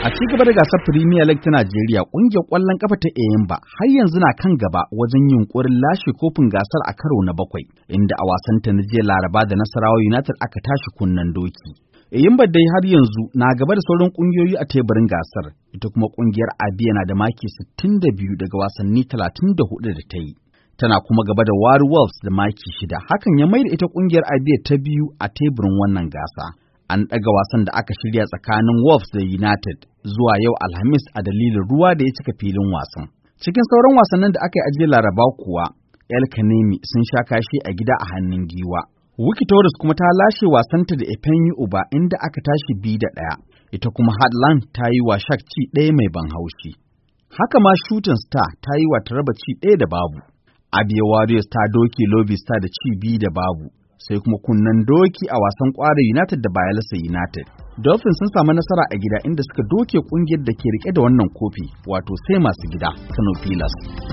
A ci gaba da gasar Premier League ta Najeriya, ƙungiyar ƙwallon ƙafa ta Eyimba har yanzu na kan gaba wajen yin yunƙurin lashe kofin gasar a karo na bakwai, inda a wasan ta na jiya Laraba da Nasarawa United aka tashi kunnen doki. Eyimba dai har yanzu na gaba da sauran ƙungiyoyi a teburin gasar, ita kuma ƙungiyar Abia na da maki 62 daga wasanni 34 da ta yi. Tana kuma gaba da Wari Wolves da maki shida, hakan ya mai da ita ƙungiyar Abia ta biyu a teburin wannan gasa. An ɗaga wasan da aka shirya tsakanin Wolves da United zuwa yau Alhamis a dalilin ruwa da ya cika filin wasan. Cikin sauran wasannin da aka yi ajiye Laraba kuwa, El Kanemi sun sha kashi a gida a hannun giwa. Wiki Taurus kuma ta lashe wasanta da Efenyi Uba inda aka tashi bi da ɗaya, ita kuma Hadland ta yi wa Shak ci ɗaya mai ban haushi. Haka ma Shooting Star ta yi wa Taraba ci ɗaya da babu. Abia Warriors ta doki Lobby Star da ci biyu da babu, sai kuma kunnen doki a wasan ƙwara United da Bayelsa United. Dolphins sun samu nasara a gida inda suka doke kungiyar da ke rike da wannan kofi wato sai masu gida Kano Pilas.